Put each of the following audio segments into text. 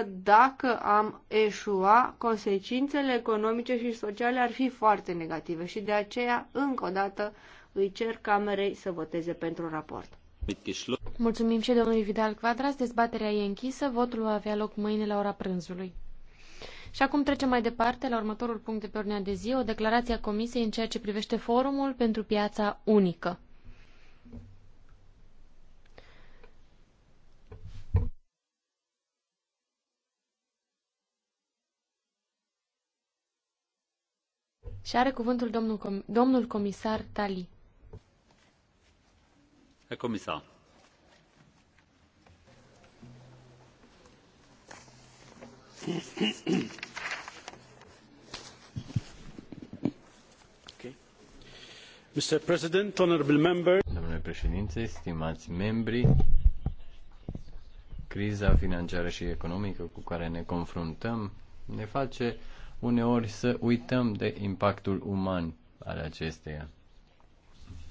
că dacă am eșua, consecințele economice și sociale ar fi foarte negative și de aceea, încă o dată, îi cer Camerei să voteze pentru raport. Mulțumim și domnului Vidal Quadras. Dezbaterea e închisă. Votul va avea loc mâine la ora prânzului. Și acum trecem mai departe la următorul punct de pe ordinea de zi, o declarație a Comisiei în ceea ce privește forumul pentru piața unică. Și are cuvântul domnul, com domnul comisar Tali. E comisar. Mr. President, honorable Kommissar. Domnule președinte, stimați membri, criza financiară și economică cu care ne confruntăm ne face uneori să uităm de impactul uman al acesteia.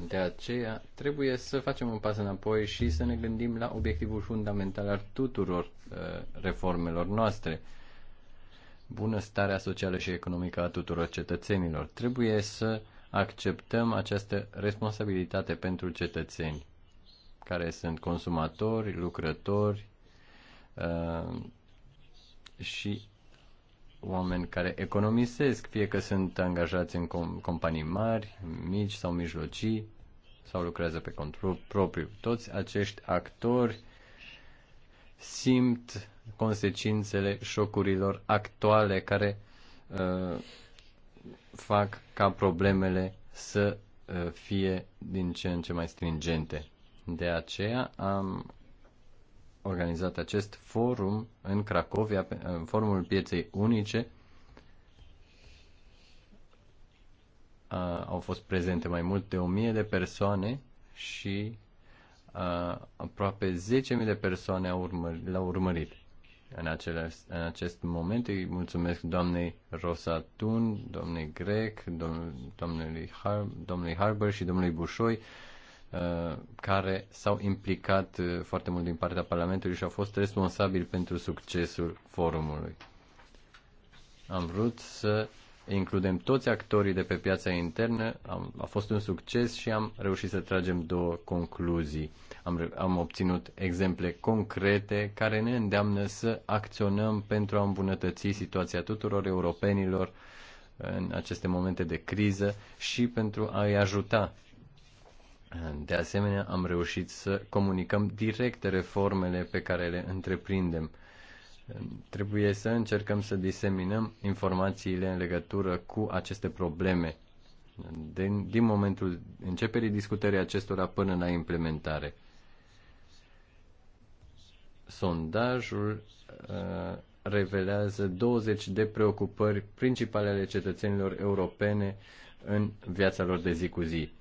De aceea, trebuie să facem un pas înapoi și să ne gândim la obiectivul fundamental al tuturor uh, reformelor noastre. Bunăstarea socială și economică a tuturor cetățenilor. Trebuie să acceptăm această responsabilitate pentru cetățeni, care sunt consumatori, lucrători uh, și oameni care economisesc, fie că sunt angajați în com- companii mari, mici sau mijlocii, sau lucrează pe control propriu. Toți acești actori simt consecințele șocurilor actuale care uh, fac ca problemele să uh, fie din ce în ce mai stringente. De aceea am organizat acest forum în Cracovia, în forumul pieței unice. Au fost prezente mai mult de o mie de persoane și aproape 10.000 de persoane l-au urmărit. urmărit. În, același, în acest moment îi mulțumesc doamnei Rosatun, doamnei Grec, domn, domnului, Har, domnului Harber și domnului Bușoi Uh, care s-au implicat uh, foarte mult din partea Parlamentului și au fost responsabili pentru succesul forumului. Am vrut să includem toți actorii de pe piața internă, am, a fost un succes și am reușit să tragem două concluzii. Am, am obținut exemple concrete care ne îndeamnă să acționăm pentru a îmbunătăți situația tuturor europenilor în aceste momente de criză și pentru a-i ajuta de asemenea, am reușit să comunicăm direct reformele pe care le întreprindem. Trebuie să încercăm să diseminăm informațiile în legătură cu aceste probleme din, din momentul începerii discutării acestora până la implementare. Sondajul uh, revelează 20 de preocupări principale ale cetățenilor europene în viața lor de zi cu zi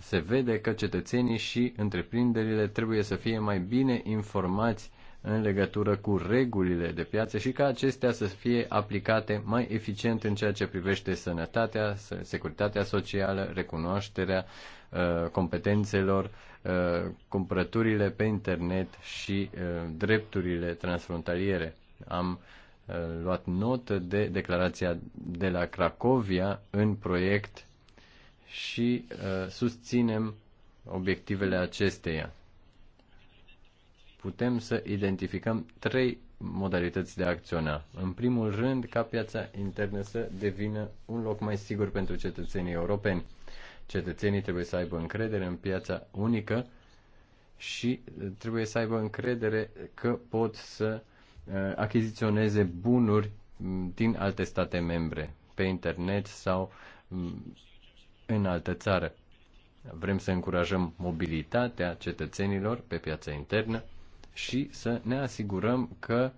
se vede că cetățenii și întreprinderile trebuie să fie mai bine informați în legătură cu regulile de piață și ca acestea să fie aplicate mai eficient în ceea ce privește sănătatea, securitatea socială, recunoașterea uh, competențelor, uh, cumpărăturile pe internet și uh, drepturile transfrontaliere. Am luat notă de declarația de la Cracovia în proiect și uh, susținem obiectivele acesteia. Putem să identificăm trei modalități de a acționa. În primul rând, ca piața internă să devină un loc mai sigur pentru cetățenii europeni. Cetățenii trebuie să aibă încredere în piața unică și uh, trebuie să aibă încredere că pot să uh, achiziționeze bunuri mm, din alte state membre, pe internet sau mm, în altă țară. Vrem să încurajăm mobilitatea cetățenilor pe piața internă și să ne asigurăm că,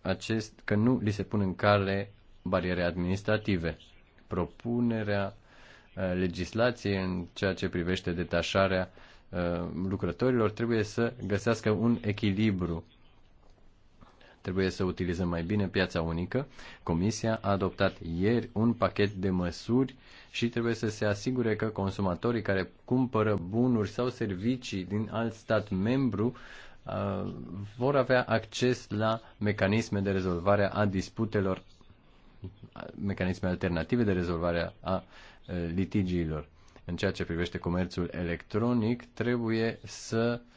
acest, că nu li se pun în cale bariere administrative. Propunerea uh, legislației în ceea ce privește detașarea uh, lucrătorilor trebuie să găsească un echilibru Trebuie să utilizăm mai bine piața unică. Comisia a adoptat ieri un pachet de măsuri și trebuie să se asigure că consumatorii care cumpără bunuri sau servicii din alt stat membru uh, vor avea acces la mecanisme de rezolvare a disputelor, mecanisme alternative de rezolvare a uh, litigiilor. În ceea ce privește comerțul electronic, trebuie să uh,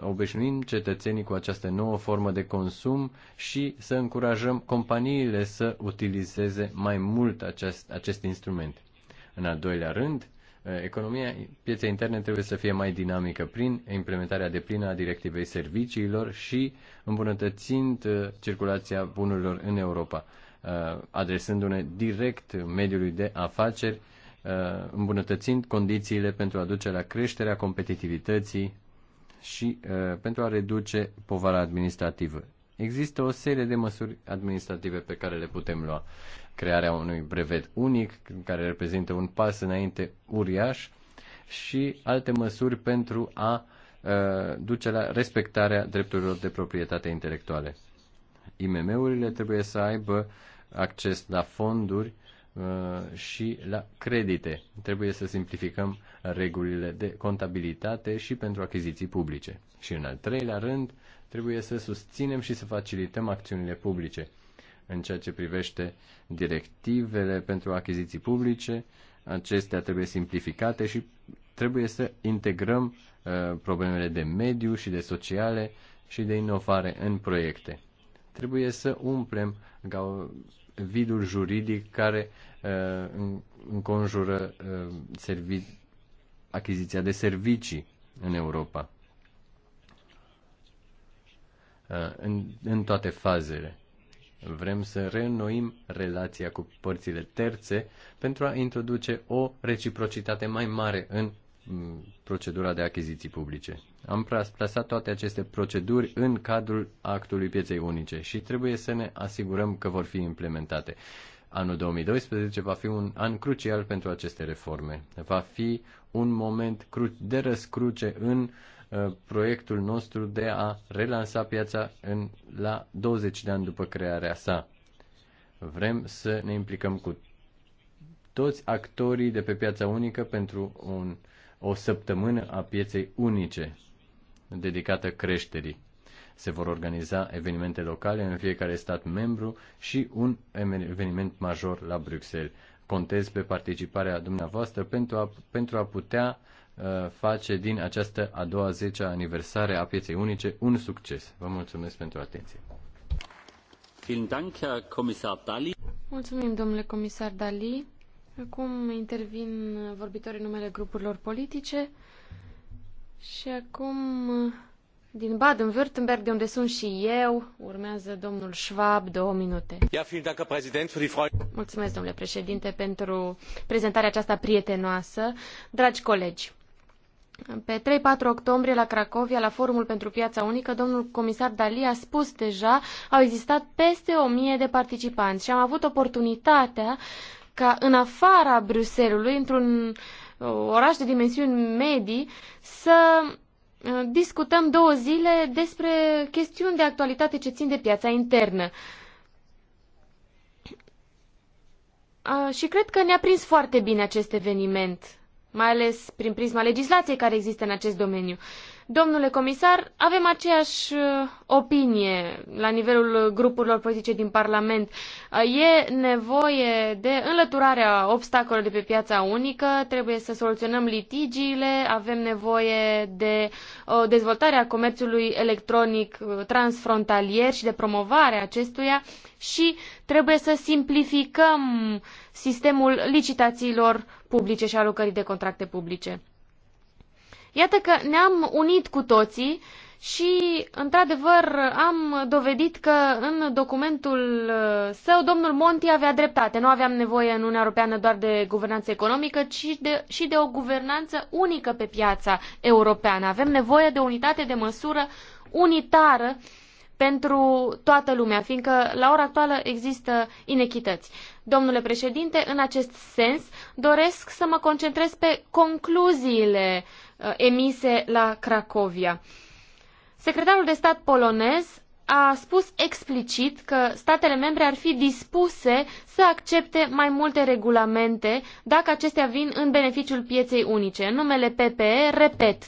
obișnuim cetățenii cu această nouă formă de consum și să încurajăm companiile să utilizeze mai mult acest, acest instrument. În al doilea rând, eh, economia pieței interne trebuie să fie mai dinamică prin implementarea de plină a directivei serviciilor și îmbunătățind eh, circulația bunurilor în Europa, eh, adresându-ne direct mediului de afaceri, îmbunătățind condițiile pentru a duce la creșterea competitivității și uh, pentru a reduce povara administrativă. Există o serie de măsuri administrative pe care le putem lua. Crearea unui brevet unic, care reprezintă un pas înainte uriaș, și alte măsuri pentru a uh, duce la respectarea drepturilor de proprietate intelectuale. IMM-urile trebuie să aibă acces la fonduri uh, Uh, și la credite. Trebuie să simplificăm regulile de contabilitate și pentru achiziții publice. Și în al treilea rând, trebuie să susținem și să facilităm acțiunile publice. În ceea ce privește directivele pentru achiziții publice, acestea trebuie simplificate și trebuie să integrăm uh, problemele de mediu și de sociale și de inovare în proiecte. Trebuie să umplem vidul juridic care Uh, înconjură uh, servi- achiziția de servicii în Europa. Uh, în, în toate fazele. Vrem să reînnoim relația cu părțile terțe pentru a introduce o reciprocitate mai mare în mm, procedura de achiziții publice. Am plasat toate aceste proceduri în cadrul actului pieței unice și trebuie să ne asigurăm că vor fi implementate. Anul 2012 va fi un an crucial pentru aceste reforme. Va fi un moment de răscruce în uh, proiectul nostru de a relansa piața în, la 20 de ani după crearea sa. Vrem să ne implicăm cu toți actorii de pe piața unică pentru un, o săptămână a pieței unice dedicată creșterii. Se vor organiza evenimente locale în fiecare stat membru și un eveniment major la Bruxelles. Contez pe participarea dumneavoastră pentru a, pentru a putea uh, face din această a doua zecea aniversare a pieței unice un succes. Vă mulțumesc pentru atenție. Mulțumim, domnule comisar Dali. Acum intervin vorbitorii numele grupurilor politice și acum din Baden-Württemberg, de unde sunt și eu. Urmează domnul Schwab, două minute. Mulțumesc, domnule președinte, pentru prezentarea aceasta prietenoasă. Dragi colegi, pe 3-4 octombrie la Cracovia, la Forumul pentru Piața Unică, domnul comisar Dali a spus deja, au existat peste o mie de participanți și am avut oportunitatea ca în afara Bruselului, într-un uh, oraș de dimensiuni medii, să Uh, discutăm două zile despre chestiuni de actualitate ce țin de piața internă. Uh, și cred că ne-a prins foarte bine acest eveniment, mai ales prin prisma legislației care există în acest domeniu. Domnule comisar, avem aceeași uh, opinie la nivelul grupurilor politice din Parlament. Uh, e nevoie de înlăturarea obstacolelor de pe piața unică, trebuie să soluționăm litigiile, avem nevoie de uh, dezvoltarea comerțului electronic transfrontalier și de promovarea acestuia și trebuie să simplificăm sistemul licitațiilor publice și alocării de contracte publice. Iată că ne-am unit cu toții și, într-adevăr, am dovedit că în documentul uh, său domnul Monti avea dreptate. Nu aveam nevoie în Uniunea Europeană doar de guvernanță economică, ci de, și de o guvernanță unică pe piața europeană. Avem nevoie de unitate de măsură unitară pentru toată lumea, fiindcă la ora actuală există inechități. Domnule președinte, în acest sens doresc să mă concentrez pe concluziile uh, Uh, emise la Cracovia. Secretarul de stat polonez a spus explicit că statele membre ar fi dispuse să accepte mai multe regulamente dacă acestea vin în beneficiul pieței unice. În numele PPE, repet,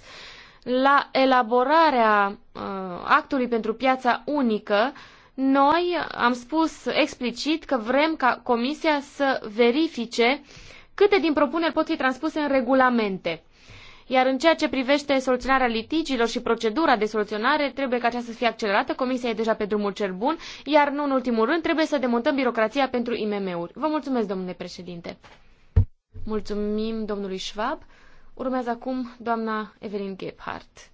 la elaborarea uh, actului pentru piața unică, noi am spus explicit că vrem ca Comisia să verifice câte din propuneri pot fi transpuse în regulamente. Iar în ceea ce privește soluționarea litigiilor și procedura de soluționare, trebuie ca aceasta să fie accelerată, Comisia e deja pe drumul cel bun, iar nu în ultimul rând trebuie să demontăm birocrația pentru IMM-uri. Vă mulțumesc, domnule președinte. Mulțumim domnului Schwab. Urmează acum doamna Evelyn Gebhardt.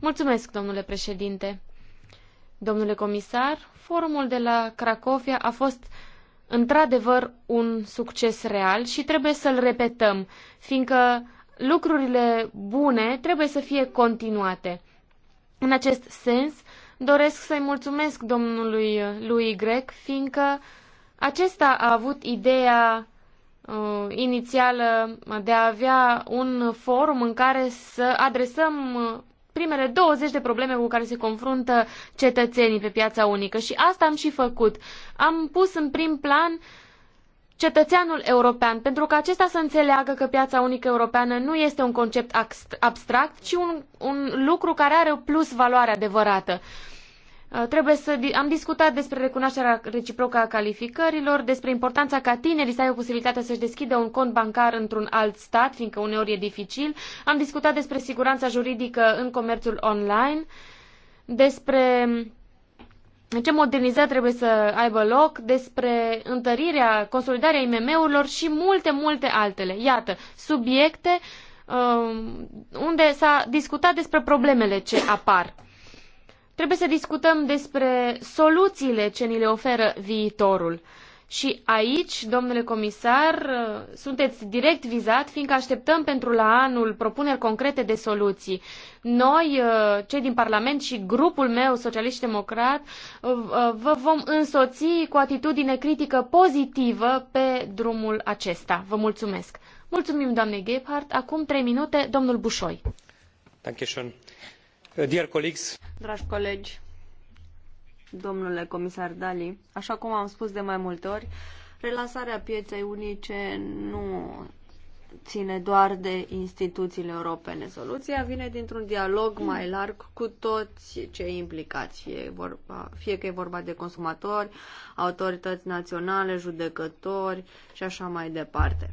Mulțumesc, domnule președinte. Domnule comisar, forumul de la Cracovia a fost într-adevăr un succes real și trebuie să-l repetăm, fiindcă lucrurile bune trebuie să fie continuate. În acest sens, doresc să-i mulțumesc domnului lui Grec, fiindcă acesta a avut ideea uh, inițială de a avea un forum în care să adresăm uh, primele 20 de probleme cu care se confruntă cetățenii pe piața unică și asta am și făcut. Am pus în prim plan uh, cetățeanul european, pentru că acesta să înțeleagă că piața unică europeană nu este un concept abstract, ci un, un lucru care are o plus valoare adevărată. Uh, trebuie să am discutat despre recunoașterea reciprocă a calificărilor, despre importanța ca tinerii să aibă posibilitatea să-și deschidă un cont bancar într-un alt stat, fiindcă uneori e dificil. Am discutat despre siguranța juridică în comerțul online, despre ce modernizare trebuie să aibă loc, despre întărirea, consolidarea IMM-urilor și multe, multe altele. Iată, subiecte uh, unde s-a discutat despre problemele ce apar. Trebuie să discutăm despre soluțiile ce ni le oferă viitorul. Uh, și aici, domnule comisar, sunteți direct vizat, fiindcă așteptăm pentru la anul propuneri concrete de soluții. Noi, uh, cei din Parlament și grupul meu, Socialiști Democrat, uh, uh, vă vom însoți cu atitudine critică pozitivă pe drumul acesta. Vă mulțumesc. Mulțumim, doamne Gebhardt. Acum trei minute, domnul Bușoi. Dear colleagues. Dragi colegi, domnule comisar Dali. Așa cum am spus de mai multe ori, relansarea pieței unice nu ține doar de instituțiile europene. Soluția vine dintr-un dialog mai larg cu toți cei implicați, fie, vorba, fie că e vorba de consumatori, autorități naționale, judecători și așa mai departe.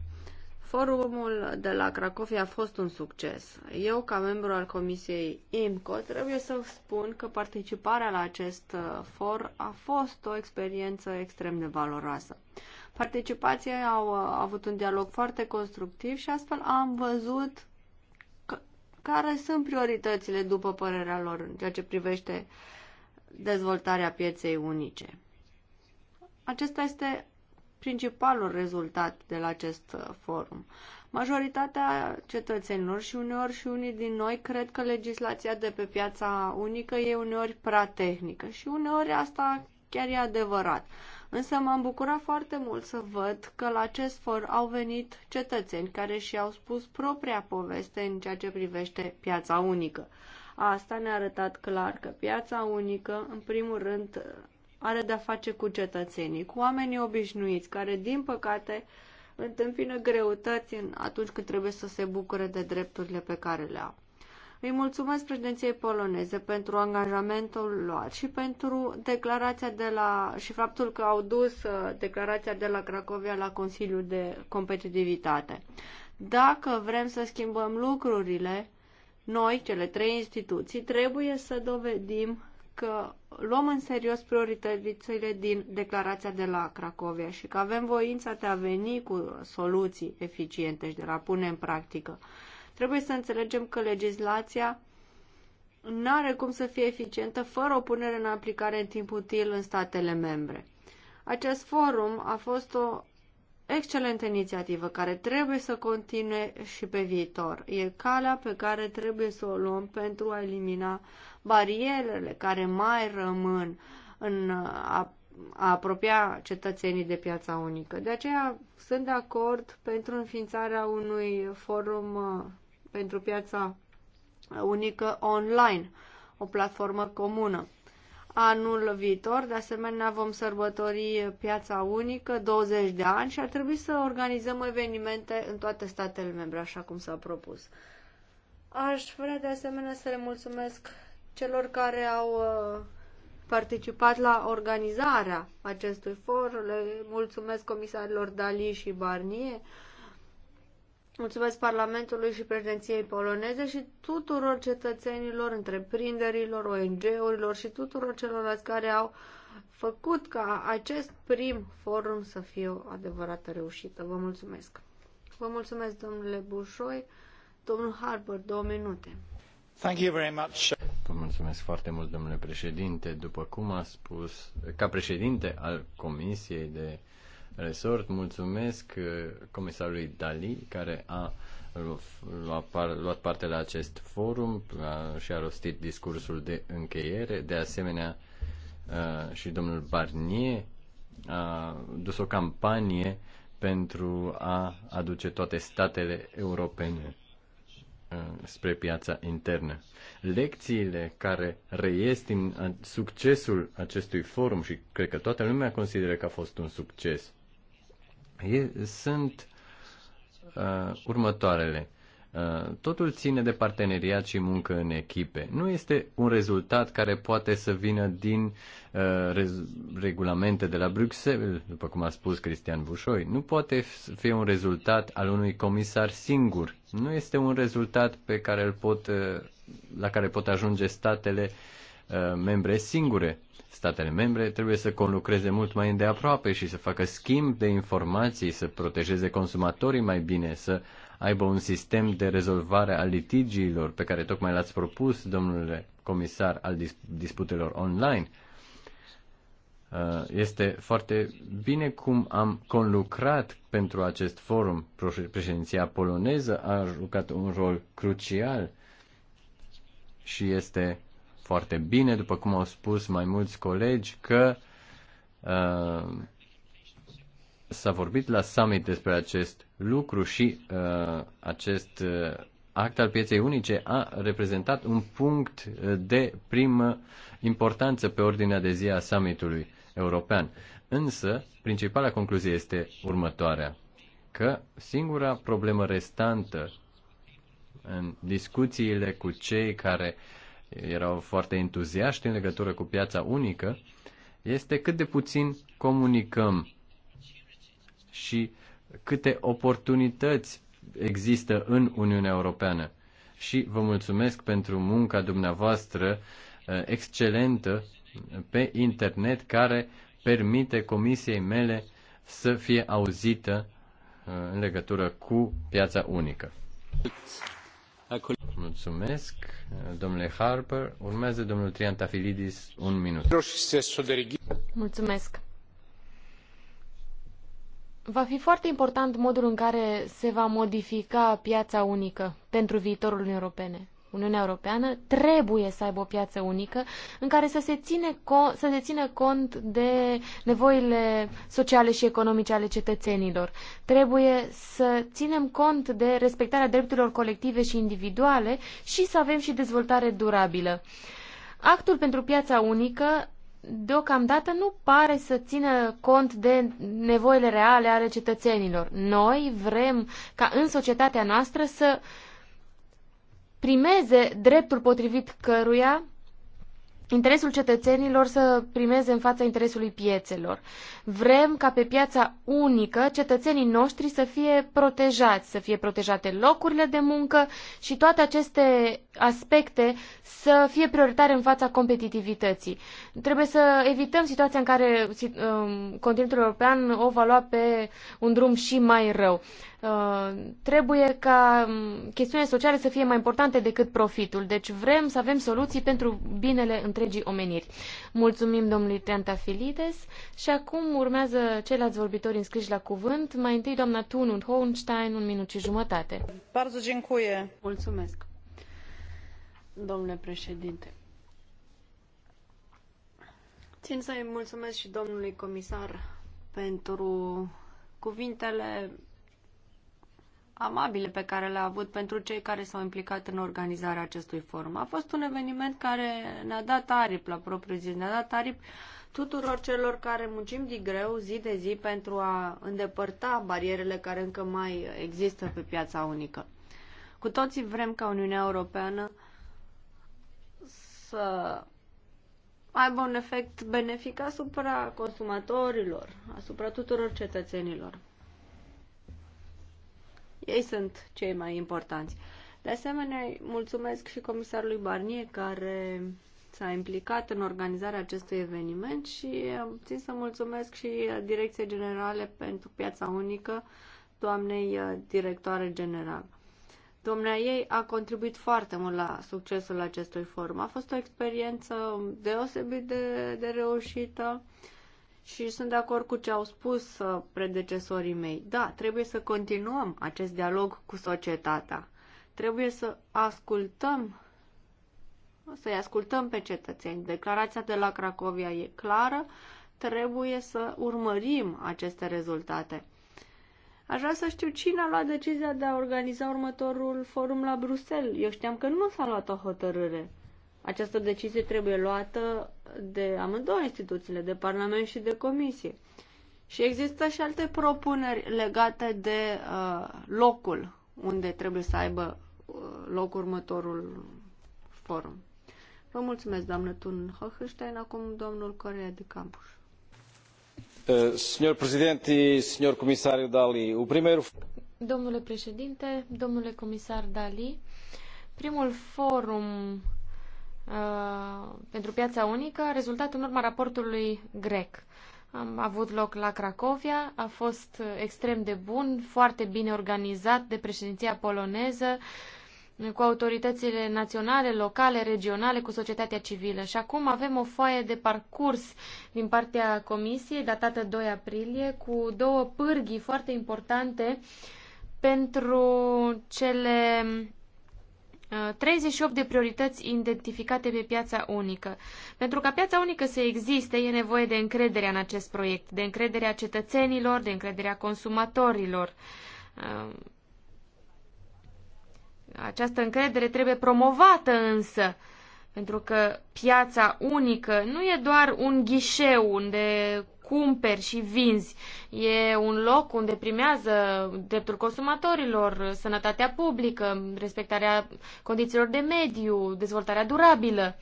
Forumul de la Cracovia a fost un succes. Eu, ca membru al Comisiei IMCO, trebuie să spun că participarea la acest uh, for a fost o experiență extrem de valoroasă. Participații au uh, avut un dialog foarte constructiv și astfel am văzut că, care sunt prioritățile, după părerea lor, în ceea ce privește dezvoltarea pieței unice. Acesta este principalul rezultat de la acest uh, forum. Majoritatea cetățenilor și uneori și unii din noi cred că legislația de pe piața unică e uneori prea tehnică și uneori asta chiar e adevărat. Însă m-am bucurat foarte mult să văd că la acest for au venit cetățeni care și-au spus propria poveste în ceea ce privește piața unică. Asta ne-a arătat clar că piața unică, în primul rând, are de-a face cu cetățenii, cu oamenii obișnuiți, care, din păcate, întâmpină greutăți în atunci când trebuie să se bucure de drepturile pe care le au. Îi mulțumesc președinției poloneze pentru angajamentul luat și pentru declarația de la și faptul că au dus uh, declarația de la Cracovia la Consiliul de Competitivitate. Dacă vrem să schimbăm lucrurile, noi, cele trei instituții, trebuie să dovedim că luăm în serios prioritățile din declarația de la Cracovia și că avem voința de a veni cu soluții eficiente și de a pune în practică. Trebuie să înțelegem că legislația nu are cum să fie eficientă fără o punere în aplicare în timp util în statele membre. Acest forum a fost o excelentă inițiativă care trebuie să continue și pe viitor. E calea pe care trebuie să o luăm pentru a elimina barierele care mai rămân în a, a apropia cetățenii de piața unică. De aceea sunt de acord pentru înființarea unui forum uh, pentru piața unică online, o platformă comună anul viitor. De asemenea, vom sărbători piața unică, 20 de ani și ar trebui să organizăm evenimente în toate statele membre, așa cum s-a propus. Aș vrea de asemenea să le mulțumesc celor care au uh, participat la organizarea acestui for. Le mulțumesc comisarilor Dali și Barnier Mulțumesc Parlamentului și președinției poloneze și tuturor cetățenilor, întreprinderilor, ONG-urilor și tuturor celorlalți care au făcut ca acest prim forum să fie o adevărată reușită. Vă mulțumesc! Vă mulțumesc, domnule Bușoi. Domnul Harbour, două minute. Thank you very much. Vă mulțumesc foarte mult, domnule președinte. După cum a spus, ca președinte al Comisiei de resort. Mulțumesc uh, comisarului Dali, care a luat parte la acest forum și a rostit discursul de încheiere. De asemenea, și domnul Barnier a dus o campanie pentru a aduce toate statele europene spre piața internă. Lecțiile care reies din succesul acestui forum și cred că toată lumea consideră că a fost un succes e, sunt uh, următoarele. Uh, totul ține de parteneriat și muncă în echipe. Nu este un rezultat care poate să vină din uh, regulamente de la Bruxelles, după cum a spus Cristian Bușoi. Nu poate fi un rezultat al unui comisar singur. Nu este un rezultat pe care îl pot, uh, la care pot ajunge statele uh, membre singure. Statele membre trebuie să conlucreze mult mai îndeaproape și să facă schimb de informații, să protejeze consumatorii mai bine, să aibă un sistem de rezolvare a litigiilor pe care tocmai l-ați propus, domnule comisar, al dis- disputelor online. Uh, este foarte bine cum am conlucrat pentru acest forum. Președinția poloneză a jucat un rol crucial și este foarte bine, după cum au spus mai mulți colegi, că uh, s-a vorbit la summit despre acest lucru și uh, acest uh, act al pieței unice a reprezentat un punct de primă importanță pe ordinea de zi a summitului european. Însă, principala concluzie este următoarea, că singura problemă restantă în discuțiile cu cei care uh, erau foarte entuziaști în legătură cu piața unică, este cât de puțin comunicăm și câte oportunități există în Uniunea Europeană. Și vă mulțumesc pentru munca dumneavoastră uh, excelentă pe internet care permite comisiei mele să fie auzită uh, în legătură cu piața unică. Mulțumesc, domnule Harper. Urmează domnul Triantafilidis, un minut. Mulțumesc. Va fi foarte important modul în care se va modifica piața unică pentru viitorul Uniunii Europene. Uniunea Europeană trebuie să aibă o piață unică în care să se, ține con- să se țină cont de nevoile sociale și economice ale cetățenilor. Trebuie să ținem cont de respectarea drepturilor colective și individuale și să avem și dezvoltare durabilă. Actul pentru piața unică deocamdată nu pare să țină cont de nevoile reale ale cetățenilor. Noi vrem ca în societatea noastră să uh, primeze dreptul potrivit căruia interesul cetățenilor să primeze în fața interesului piețelor. Vrem ca pe piața unică cetățenii noștri să fie protejați, să fie protejate locurile de muncă și toate aceste aspecte să fie prioritare în fața competitivității. Trebuie să evităm situația în care um, continentul european o va lua pe un drum și mai rău. Uh, trebuie ca um, chestiunile sociale să fie mai importante decât profitul. Deci vrem să avem soluții pentru binele întregii omeniri. Mulțumim domnului Filides și acum urmează ceilalți vorbitori înscriși la cuvânt. Mai întâi doamna Tunund Hohenstein, un minut și jumătate. Mulțumesc, domnule președinte. Țin să-i mulțumesc și domnului comisar pentru cuvintele amabile pe care le-a avut pentru cei care s-au implicat în organizarea acestui forum. A fost un eveniment care ne-a dat aripi la propriu zis, ne-a dat aripi tuturor celor care muncim din greu zi de zi pentru a îndepărta barierele care încă mai există pe piața unică. Cu toții vrem ca Uniunea Europeană să aibă un efect benefic asupra consumatorilor, asupra tuturor cetățenilor. Ei sunt cei mai importanți. De asemenea, mulțumesc și comisarului Barnier care s-a implicat în organizarea acestui eveniment și țin să mulțumesc și Direcției Generale pentru Piața Unică, doamnei uh, directoare general. Domnea ei a contribuit foarte mult la succesul acestui forum. A fost o experiență deosebit de, de reușită. Uh, și sunt de acord cu ce au spus uh, predecesorii mei. Da, trebuie să continuăm acest dialog cu societatea. Trebuie să ascultăm, să-i ascultăm pe cetățeni. Declarația de la Cracovia e clară, trebuie să urmărim aceste rezultate. Aș vrea să știu cine a luat decizia de a organiza următorul forum la Bruxelles. Eu știam că nu s-a luat o hotărâre. Această decizie trebuie luată de amândouă instituțiile, de Parlament și de Comisie. Și există și alte propuneri legate de uh, locul unde trebuie să aibă uh, loc următorul forum. Vă mulțumesc, doamnă Tun Hohenstein. Acum domnul Corea de Campus. Uh, președinte, Presidente, comisar Dali, o Domnule președinte, domnule comisar Dali, primul forum Uh, pentru piața unică rezultat în urma raportului grec. Am avut loc la Cracovia, a fost extrem de bun, foarte bine organizat de președinția poloneză, cu autoritățile naționale, locale, regionale, cu societatea civilă. Și acum avem o foaie de parcurs din partea Comisiei, datată 2 aprilie, cu două pârghii foarte importante pentru cele 38 uh, de priorități identificate pe piața unică. Pentru ca piața unică să existe, e nevoie de încredere în acest proiect, de încrederea cetățenilor, de încrederea consumatorilor. Uh, această încredere trebuie promovată însă, pentru că piața unică nu e doar un ghișeu unde cumperi și vinzi. E un loc unde primează dreptul consumatorilor, sănătatea publică, respectarea condițiilor de mediu, dezvoltarea durabilă.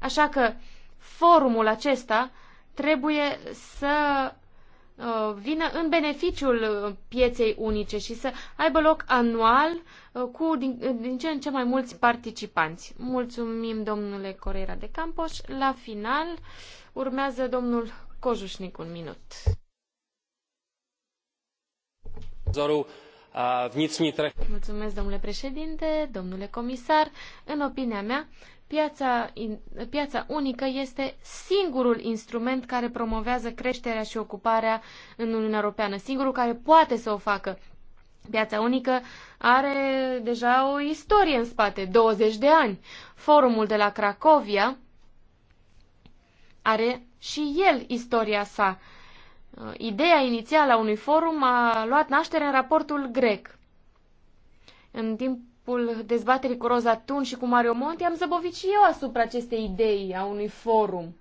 Așa că forumul acesta trebuie să uh, vină în beneficiul uh, pieței unice și să aibă loc anual uh, cu din, din ce în ce mai mulți participanți. Mulțumim domnule Coreira de Campos. La final urmează domnul Kožušnik, un minut. Mulțumesc, domnule președinte, domnule comisar. În opinia mea, piața, piața unică este singurul instrument care promovează creșterea și ocuparea în Uniunea Europeană, singurul care poate să o facă. Piața unică are deja o istorie în spate, 20 de ani. Forumul de la Cracovia are și el istoria sa. Uh, ideea inițială a unui forum a luat naștere în raportul grec. În timpul dezbaterii cu Roza Tun și cu Mario Monti am zăbovit și eu asupra acestei idei a unui forum.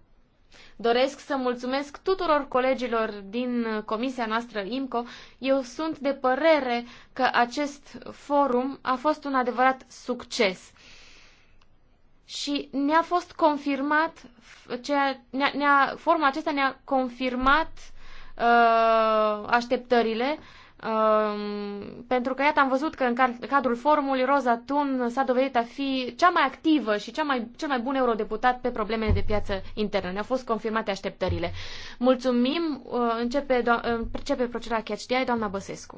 Doresc să mulțumesc tuturor colegilor din comisia noastră IMCO. Eu sunt de părere că acest forum a fost un adevărat succes și ne-a fost confirmat, ceea, ne-a, ne-a, forma acesta ne-a confirmat uh, așteptările, uh, pentru că, iată, am văzut că în cadrul formului Roza Tun s-a dovedit a fi cea mai activă și cea mai, cel mai bun eurodeputat pe problemele de piață internă. Ne-au fost confirmate așteptările. Mulțumim. Uh, începe, do- începe procedura catch de doamna Băsescu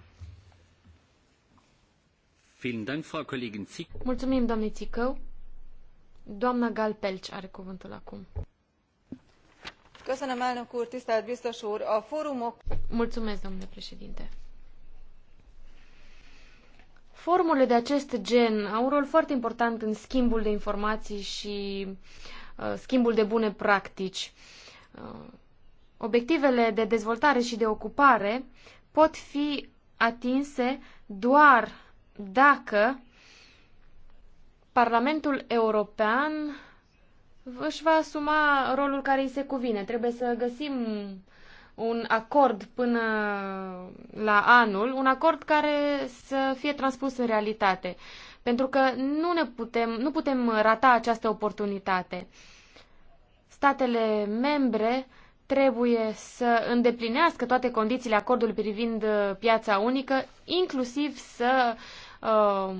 Mulțumim, doamne Țicău. Doamna Galpelci are cuvântul acum. Köszönöm, elnök úr, tisztelt biztos úr! A fórumok... Mulțumesc, domnule președinte. Forumurile de acest gen au un rol foarte important în schimbul de informații și uh, schimbul de bune practici. Uh, obiectivele de dezvoltare și de ocupare pot fi atinse doar dacă Parlamentul European își va asuma rolul care îi se cuvine. Trebuie să găsim un acord până la anul, un acord care să fie transpus în realitate. Pentru că nu, ne putem, nu putem rata această oportunitate. Statele membre trebuie să îndeplinească toate condițiile acordului privind piața unică, inclusiv să uh, Um,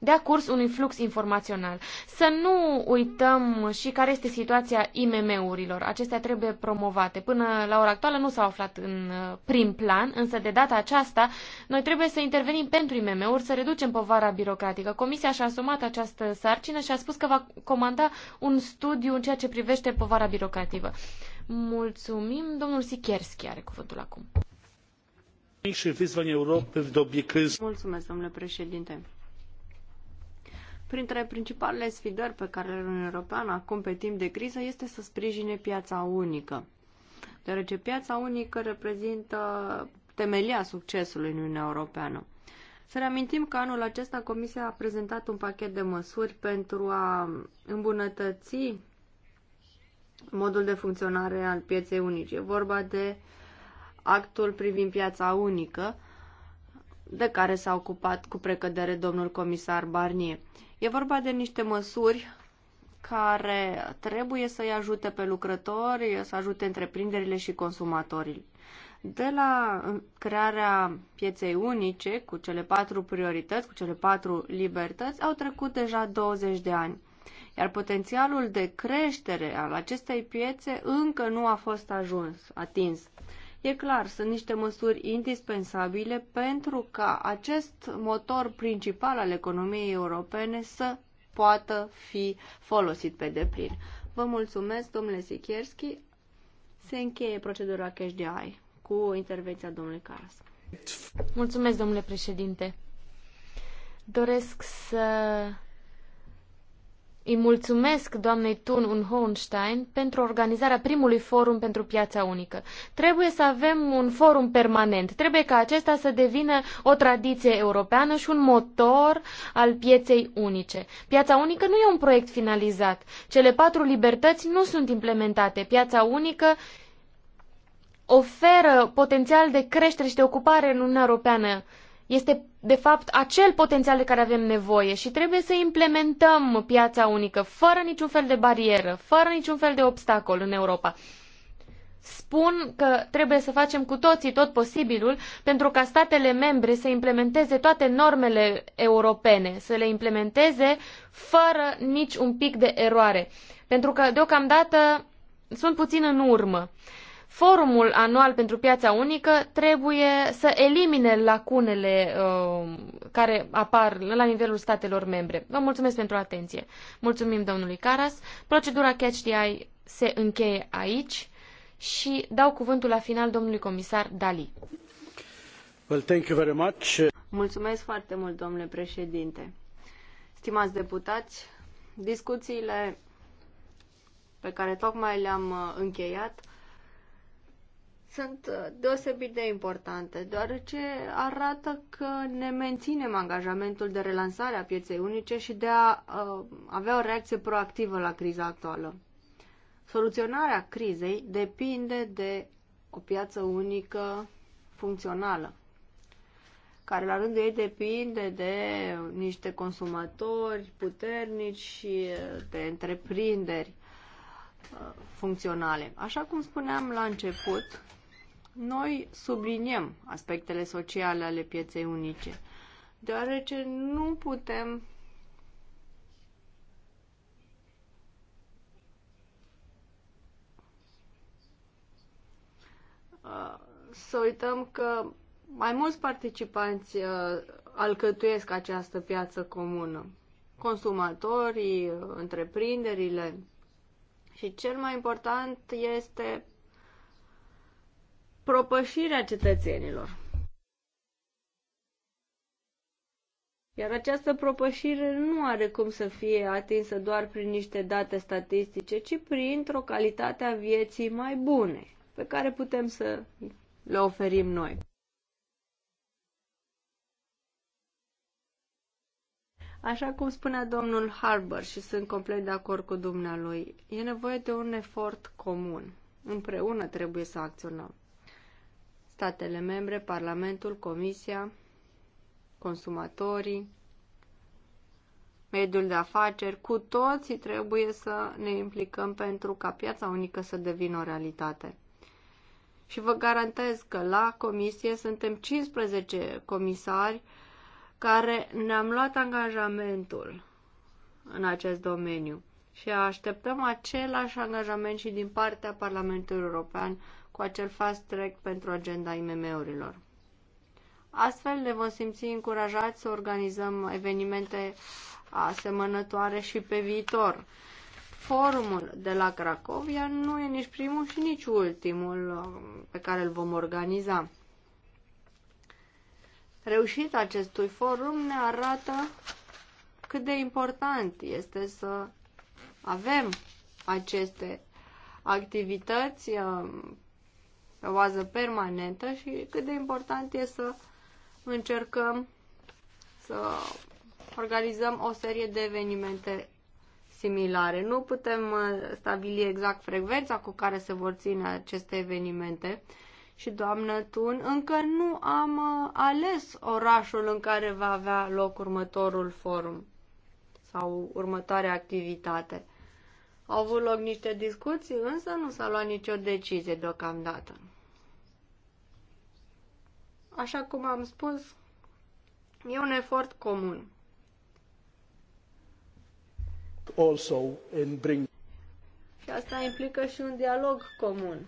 dea curs unui flux informațional. Să nu uităm și care este situația IMM-urilor. Acestea trebuie promovate. Până la ora actuală nu s-au aflat în uh, prim plan, însă de data aceasta noi trebuie să intervenim pentru IMM-uri, să reducem povara birocratică. Comisia și-a asumat această sarcină și a spus că va comanda un studiu în ceea ce privește povara birocratică. Mulțumim. Domnul Sikierski are cuvântul acum wyzwań Europy w dobie kryzysu. Mulțumesc, domnule președinte. Printre principalele sfidări pe care le Uniunea Europeană acum pe timp de criză este să sprijine piața unică, deoarece piața unică reprezintă temelia succesului în Uniunea Europeană. Să reamintim că anul acesta Comisia a prezentat un pachet de măsuri pentru a îmbunătăți modul de funcționare al pieței unice. E vorba de uh, actul privind piața unică, de care s-a ocupat cu precădere domnul comisar Barnier. E vorba de niște măsuri care trebuie să-i ajute pe lucrători, să ajute întreprinderile și consumatorii. De la crearea pieței unice cu cele patru priorități, cu cele patru libertăți, au trecut deja 20 de ani, iar potențialul de creștere al acestei piețe încă nu a fost ajuns, atins. E clar, sunt niște măsuri indispensabile pentru ca acest motor principal al economiei europene să poată fi folosit pe deplin. Vă mulțumesc, domnule Sikierski. Se încheie procedura cash de AI cu intervenția domnului Caras. Mulțumesc, domnule președinte. Doresc să îi mulțumesc doamnei Thun un Hohenstein pentru organizarea primului forum pentru piața unică. Trebuie să avem un forum permanent. Trebuie ca acesta să devină o tradiție europeană și un motor al pieței unice. Piața unică nu e un proiect finalizat. Cele patru libertăți nu sunt implementate. Piața unică oferă potențial de creștere și de ocupare în Uniunea Europeană este de fapt acel potențial de care avem nevoie și trebuie să implementăm piața unică fără niciun fel de barieră, fără niciun fel de obstacol în Europa. Spun că trebuie să facem cu toții tot posibilul pentru ca statele membre să implementeze toate normele europene, să le implementeze fără nici un pic de eroare. Pentru că deocamdată sunt puțin în urmă. Forumul anual pentru piața unică trebuie să elimine lacunele uh, care apar la nivelul statelor membre. Vă mulțumesc pentru atenție. Mulțumim domnului Caras. Procedura Catch the Eye se încheie aici și dau cuvântul la final domnului comisar Dali. Well, thank you very much. Mulțumesc foarte mult, domnule președinte. Stimați deputați, discuțiile pe care tocmai le-am uh, încheiat sunt uh, deosebit de importante, deoarece arată că ne menținem angajamentul de relansare a pieței unice și de a uh, avea o reacție proactivă la criza actuală. Soluționarea crizei depinde de o piață unică funcțională, care la rândul ei depinde de niște consumatori puternici și uh, de întreprinderi uh, funcționale. Așa cum spuneam la început, noi subliniem aspectele sociale ale pieței unice, deoarece nu putem uh, să uităm că mai mulți participanți uh, alcătuiesc această piață comună. Consumatorii, uh, întreprinderile. Și cel mai important este propășirea cetățenilor. Iar această propășire nu are cum să fie atinsă doar prin niște date statistice, ci printr-o calitate a vieții mai bune, pe care putem să le oferim noi. Așa cum spunea domnul Harbour și sunt complet de acord cu dumnealui, e nevoie de un efort comun. Împreună trebuie să acționăm statele membre, Parlamentul, Comisia, consumatorii, mediul de afaceri, cu toții trebuie să ne implicăm pentru ca piața unică să devină o realitate. Și vă garantez că la comisie suntem 15 comisari care ne-am luat angajamentul în acest domeniu și așteptăm același angajament și din partea Parlamentului European cu acel fast track pentru agenda IMM-urilor. Astfel ne vom simți încurajați să organizăm evenimente asemănătoare și pe viitor. Forumul de la Cracovia nu e nici primul și nici ultimul uh, pe care îl vom organiza. Reușita acestui forum ne arată cât de important este să avem aceste activități uh, pe bază permanentă și cât de important e să încercăm să organizăm o serie de evenimente similare. Nu putem uh, stabili exact frecvența cu care se vor ține aceste evenimente. Și, doamnă Tun, încă nu am uh, ales orașul în care va avea loc următorul forum sau următoarea activitate. Au avut loc niște discuții, însă nu s-a luat nicio decizie deocamdată. Așa cum am spus, e un efort comun. Also in bring... Și asta implică și un dialog comun.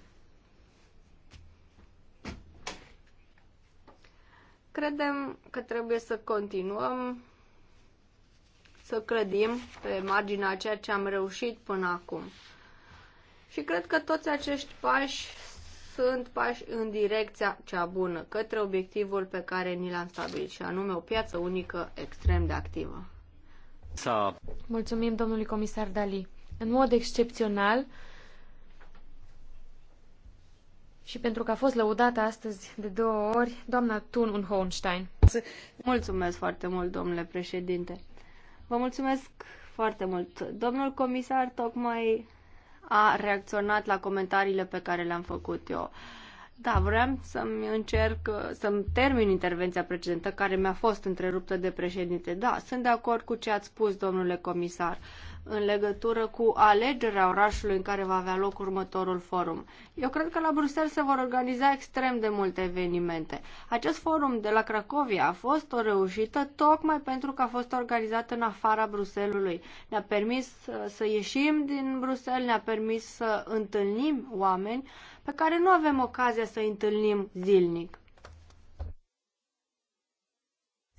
Credem că trebuie să continuăm să clădim pe marginea ceea ce am reușit până acum. Și cred că toți acești pași sunt pași în direcția cea bună, către obiectivul pe care ni l-am stabilit, și anume o piață unică extrem de activă. Mulțumim, domnului comisar Dali. În mod excepțional și pentru că a fost lăudată astăzi de două ori, doamna Thun un Hohenstein. Mulțumesc foarte mult, domnule președinte. Vă mulțumesc foarte mult. Domnul comisar tocmai a reacționat la comentariile pe care le-am făcut eu. Da, vreau să-mi încerc să-mi termin intervenția precedentă care mi-a fost întreruptă de președinte. Da, sunt de acord cu ce ați spus, domnule comisar. Uh, în legătură cu alegerea orașului în care va avea loc următorul forum. Eu cred că la Bruxelles se vor organiza extrem de multe evenimente. Acest forum de la Cracovia a fost o reușită tocmai pentru că a fost organizat în afara Bruselului. Ne-a permis uh, să ieșim din Bruxelles, ne-a permis să întâlnim oameni pe care nu avem ocazia să întâlnim zilnic.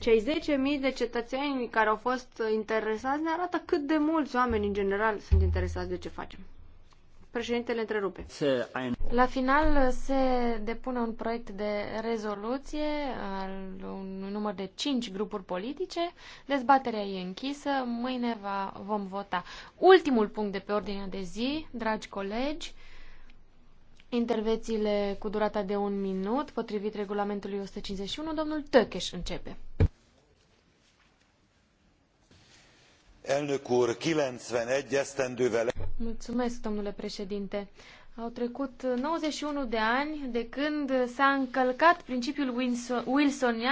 Cei 10.000 de cetățeni care au fost interesați ne arată cât de mulți oameni în general sunt interesați de ce facem. Președintele întrerupe. La final se depune un proiect de rezoluție al un număr de 5 grupuri politice. Dezbaterea e închisă. Mâine va, vom vota. Ultimul punct de pe ordinea de zi, dragi colegi, intervențiile cu durata de un minut, potrivit regulamentului 151, domnul Tăcheș începe. Elnök úr, 91 esztendővel... Mulțumesc, domnule președinte. Au trecut 91 de ani de când s-a încălcat principiul Wilsonian